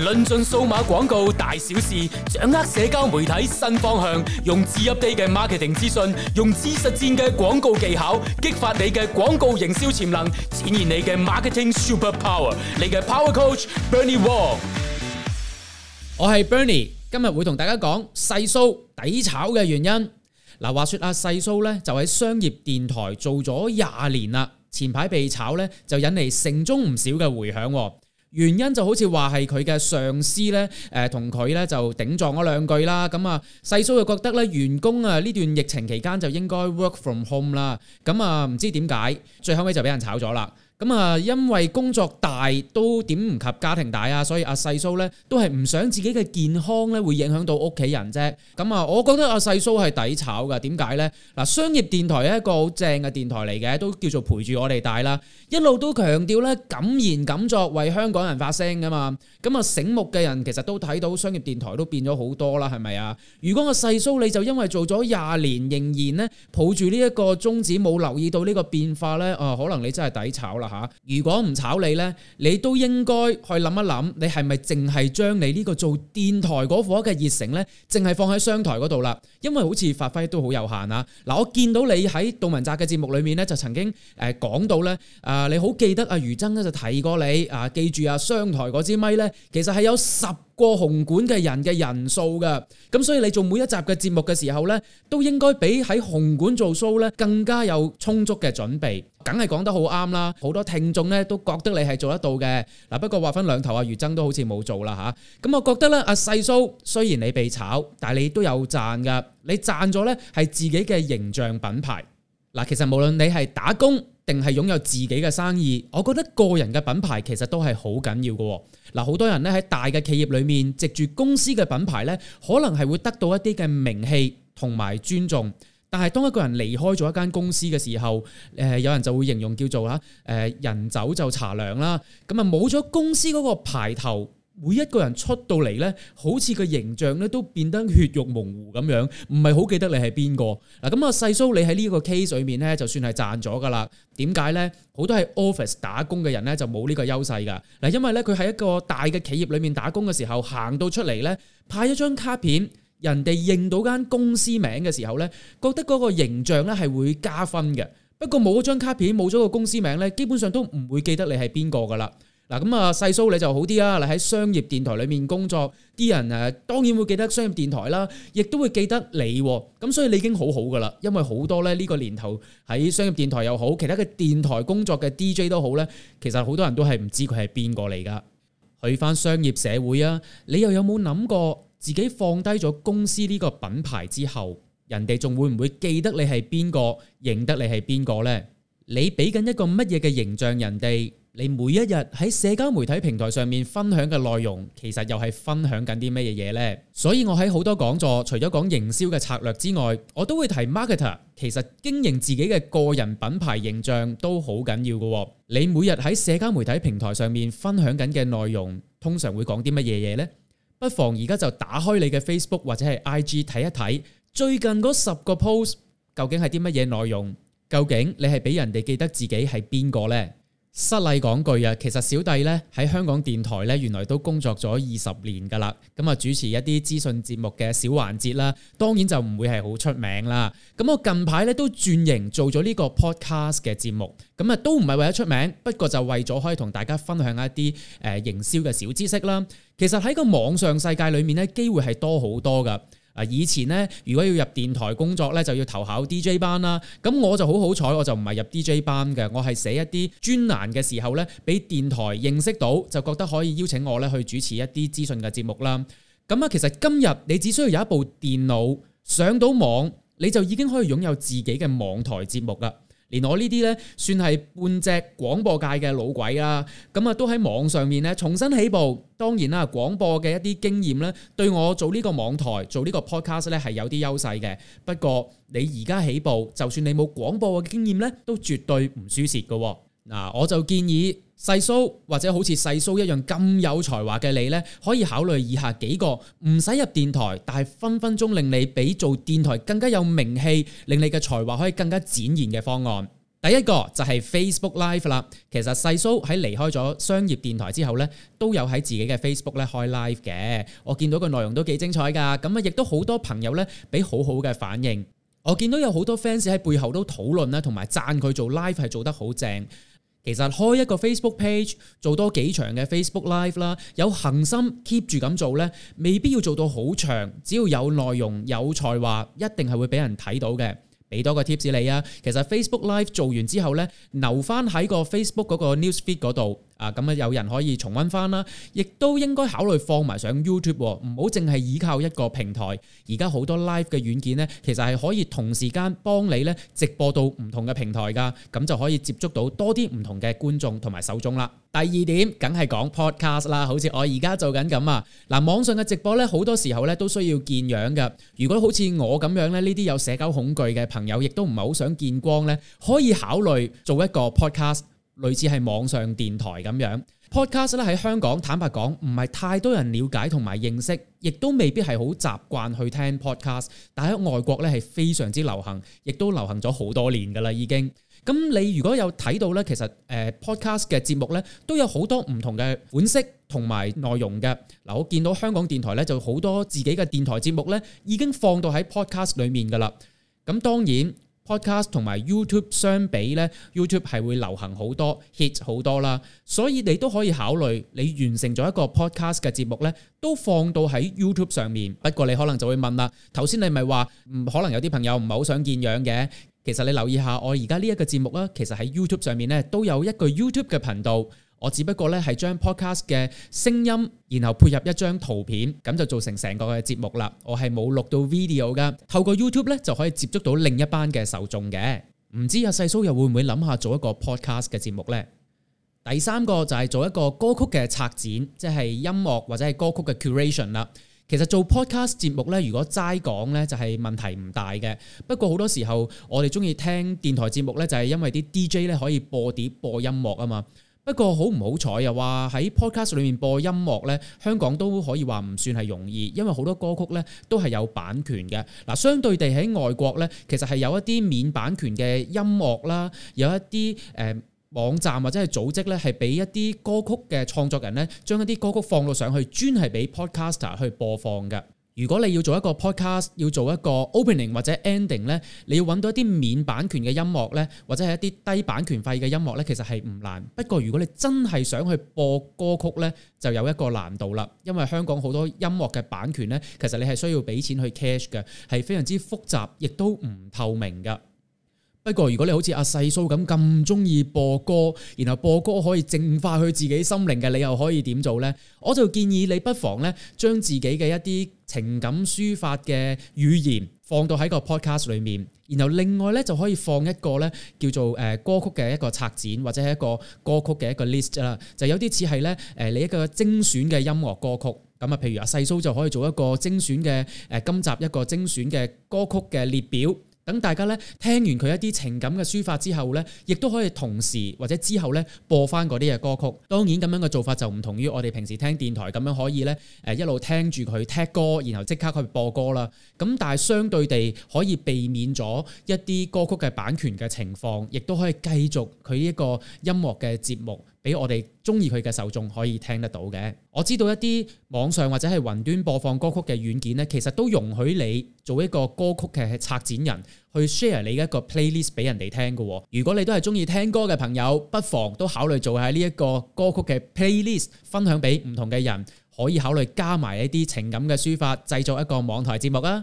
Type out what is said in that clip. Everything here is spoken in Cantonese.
論盡數碼廣告大小事，掌握社交媒體新方向，用最 update 嘅 marketing 資訊，用最實戰嘅廣告技巧，激發你嘅廣告營銷潛能，展現你嘅 marketing super power。你嘅 power coach Bernie Wong，我係 Bernie，今日會同大家講細蘇抵炒嘅原因。嗱，話說阿細蘇咧就喺商業電台做咗廿年啦，前排被炒咧就引嚟城中唔少嘅回響。原因就好似話係佢嘅上司咧，誒、呃、同佢咧就頂撞咗兩句啦，咁、嗯、啊細蘇就覺得咧員工啊呢段疫情期間就應該 work from home 啦，咁啊唔知點解最後尾就俾人炒咗啦。咁啊、嗯，因為工作大都點唔及家庭大啊，所以阿細蘇呢都係唔想自己嘅健康呢會影響到屋企人啫。咁、嗯、啊，我覺得阿細蘇係抵炒噶，點解呢？嗱、啊，商業電台係一個好正嘅電台嚟嘅，都叫做陪住我哋大啦，一路都強調呢「敢言敢作」為香港人發聲噶嘛。咁、嗯、啊，醒目嘅人其實都睇到商業電台都變咗好多啦，係咪啊？如果阿細蘇你就因為做咗廿年，仍然呢抱住呢一個宗旨，冇留意到呢個變化呢，啊，可能你真係抵炒啦。嚇，啊！如果唔炒你呢，你都應該去諗一諗，你係咪淨係將你呢個做電台嗰火嘅熱誠呢，淨係放喺商台嗰度啦？因為好似發揮都好有限啊！嗱、啊，我見到你喺杜汶澤嘅節目裡面呢，就曾經誒講、呃、到呢：「啊，你好記得阿、啊、余真呢，就提過你啊，記住啊，商台嗰支咪呢，其實係有十。過紅館嘅人嘅人數噶，咁所以你做每一集嘅節目嘅時候呢，都應該比喺紅館做 show 呢更加有充足嘅準備，梗係講得好啱啦。好多聽眾呢都覺得你係做得到嘅嗱，不過話分兩頭啊，俞琤都好似冇做啦吓。咁我覺得呢，阿細蘇雖然你被炒，但係你都有賺噶，你賺咗呢係自己嘅形象品牌嗱。其實無論你係打工。定係擁有自己嘅生意，我覺得個人嘅品牌其實都係好緊要嘅，哦。嗱，好多人咧，喺大嘅企業裏面籍住公司嘅品牌咧，可能係會得到一啲嘅名氣同埋尊重。但係當一個人離開咗一間公司嘅時候，誒、呃，有人就會形容叫做啊，誒、呃，人走就茶涼啦。咁啊，冇咗公司嗰個牌頭。每一個人出到嚟呢，好似個形象呢都變得血肉模糊咁樣，唔係好記得你係邊個了了。嗱，咁啊細蘇，你喺呢個 case 裏面呢，就算係賺咗噶啦。點解呢？好多喺 office 打工嘅人呢，就冇呢個優勢噶。嗱，因為呢，佢喺一個大嘅企業裏面打工嘅時候，行到出嚟呢，派一張卡片，人哋認到間公司名嘅時候呢，覺得嗰個形象呢係會加分嘅。不過冇張卡片，冇咗個公司名呢，基本上都唔會記得你係邊個噶啦。嗱咁啊，細蘇你就好啲啊。你喺商業電台裏面工作，啲人誒、啊、當然會記得商業電台啦，亦都會記得你、啊。咁所以你已經好好噶啦，因為好多咧呢、呢個年頭喺商業電台又好，其他嘅電台工作嘅 DJ 都好咧，其實好多人都係唔知佢係邊個嚟噶。去返商業社會啊，你又有冇諗過自己放低咗公司呢個品牌之後，人哋仲會唔會記得你係邊個，認得你係邊個呢？你俾緊一個乜嘢嘅形象人哋？你每一日喺社交媒體平台上面分享嘅內容，其實又係分享緊啲乜嘢嘢呢？所以，我喺好多講座，除咗講營銷嘅策略之外，我都會提 Marketer，其實經營自己嘅個人品牌形象都好緊要嘅哦。你每日喺社交媒體平台上面分享緊嘅內容，通常會講啲乜嘢嘢呢？不妨而家就打開你嘅 Facebook 或者係 IG 睇一睇，最近嗰十個 post 究竟係啲乜嘢內容？究竟你係俾人哋記得自己係邊個呢？失禮講句啊，其實小弟呢喺香港電台呢原來都工作咗二十年噶啦，咁啊主持一啲資訊節目嘅小環節啦，當然就唔會係好出名啦。咁我近排呢都轉型做咗呢個 podcast 嘅節目，咁啊都唔係為咗出名，不過就為咗可以同大家分享一啲誒、呃、營銷嘅小知識啦。其實喺個網上世界裏面呢，機會係多好多噶。以前咧，如果要入電台工作咧，就要投考 DJ 班啦。咁我就好好彩，我就唔係入 DJ 班嘅，我係寫一啲專欄嘅時候咧，俾電台認識到，就覺得可以邀請我咧去主持一啲資訊嘅節目啦。咁啊，其實今日你只需要有一部電腦上到網，你就已經可以擁有自己嘅網台節目啦。連我呢啲咧算係半隻廣播界嘅老鬼啦，啊，咁啊都喺網上面咧重新起步。當然啦，廣播嘅一啲經驗呢，對我做呢個網台，做呢個 podcast 呢係有啲優勢嘅。不過你而家起步，就算你冇廣播嘅經驗呢，都絕對唔輸蝕㗎。嗱，我就建議。細蘇或者好似細蘇一樣咁有才華嘅你呢，可以考慮以下幾個唔使入電台，但係分分鐘令你比做電台更加有名氣，令你嘅才華可以更加展現嘅方案。第一個就係 Facebook Live 啦。其實細蘇喺離開咗商業電台之後呢，都有喺自己嘅 Facebook 咧開 Live 嘅。我見到個內容都幾精彩噶咁啊亦都好多朋友呢，俾好好嘅反應。我見到有好多 fans 喺背後都討論啦，同埋讚佢做 Live 係做得好正。其實開一個 Facebook page 做多幾場嘅 Facebook live 啦，有恆心 keep 住咁做呢，未必要做到好長，只要有內容有才華，一定係會俾人睇到嘅。俾多個 tips 你啊，其實 Facebook live 做完之後呢，留返喺個 Facebook 嗰個 news feed 嗰度。啊，咁啊，有人可以重溫翻啦，亦都應該考慮放埋上 YouTube，哦，唔好淨係依靠一個平台。而家好多 live 嘅軟件呢，其實係可以同時間幫你呢直播到唔同嘅平台噶，咁就可以接觸到多啲唔同嘅觀眾同埋受眾啦。第二點，梗係講 podcast 啦，好似我而家做緊咁啊。嗱，網上嘅直播呢，好多時候咧都需要見樣噶。如果好似我咁樣呢，呢啲有社交恐懼嘅朋友，亦都唔係好想見光呢，可以考慮做一個 podcast。類似係網上電台咁樣 podcast 咧，喺香港坦白講，唔係太多人了解同埋認識，亦都未必係好習慣去聽 podcast。但喺外國咧，係非常之流行，亦都流行咗好多年噶啦已經。咁你如果有睇到咧，其實誒、呃、podcast 嘅節目咧都有好多唔同嘅款式同埋內容嘅。嗱，我見到香港電台咧，就好多自己嘅電台節目咧已經放到喺 podcast 裡面噶啦。咁當然。Podcast 同埋 YouTube 相比呢，YouTube 係會流行好多、hit 好多啦，所以你都可以考慮你完成咗一個 Podcast 嘅節目呢，都放到喺 YouTube 上面。不過你可能就會問啦，頭先你咪話、嗯，可能有啲朋友唔係好想見樣嘅。其實你留意下我而家呢一個節目啊，其實喺 YouTube 上面呢，都有一個 YouTube 嘅頻道。我只不過咧，係將 podcast 嘅聲音，然後配合一張圖片，咁就做成成個嘅節目啦。我係冇錄到 video 噶，透過 YouTube 咧，就可以接觸到另一班嘅受眾嘅。唔知阿細蘇又會唔會諗下做一個 podcast 嘅節目呢？第三個就係做一個歌曲嘅策展，即係音樂或者係歌曲嘅 curation 啦。其實做 podcast 節目咧，如果齋講咧就係、是、問題唔大嘅。不過好多時候我哋中意聽電台節目咧，就係、是、因為啲 DJ 咧可以播碟播音樂啊嘛。一個好唔好彩啊！話喺 podcast 裏面播音樂呢，香港都可以話唔算係容易，因為好多歌曲呢都係有版權嘅。嗱，相對地喺外國呢，其實係有一啲免版權嘅音樂啦，有一啲誒、呃、網站或者係組織呢，係俾一啲歌曲嘅創作人呢，將一啲歌曲放到上去，專係俾 podcaster 去播放嘅。如果你要做一個 podcast，要做一個 opening 或者 ending 咧，你要揾到一啲免版權嘅音樂咧，或者係一啲低版權費嘅音樂咧，其實係唔難。不過如果你真係想去播歌曲咧，就有一個難度啦，因為香港好多音樂嘅版權咧，其實你係需要俾錢去 cash 嘅，係非常之複雜，亦都唔透明㗎。不過如果你好似阿、啊、細蘇咁咁中意播歌，然後播歌可以淨化佢自己心靈嘅，你又可以點做呢？我就建議你不妨咧，將自己嘅一啲情感抒發嘅語言放到喺個 podcast 裏面，然後另外呢，就可以放一個咧叫做誒、呃、歌曲嘅一個策展，或者係一個歌曲嘅一個 list 啦，就有啲似係咧誒你一個精選嘅音樂歌曲。咁啊，譬如阿細蘇就可以做一個精選嘅誒、呃、今集一個精選嘅歌曲嘅列表。等大家咧聽完佢一啲情感嘅抒發之後咧，亦都可以同時或者之後咧播翻嗰啲嘅歌曲。當然咁樣嘅做法就唔同於我哋平時聽電台咁樣可以咧誒一路聽住佢聽歌，然後即刻去播歌啦。咁但係相對地可以避免咗一啲歌曲嘅版權嘅情況，亦都可以繼續佢呢個音樂嘅節目，俾我哋中意佢嘅受眾可以聽得到嘅，我知道一啲網上或者係雲端播放歌曲嘅軟件呢，其實都容許你做一個歌曲嘅策展人去 share 你一個 playlist 俾人哋聽嘅。如果你都係中意聽歌嘅朋友，不妨都考慮做下呢一個歌曲嘅 playlist 分享俾唔同嘅人，可以考慮加埋一啲情感嘅抒發，製作一個網台節目啊！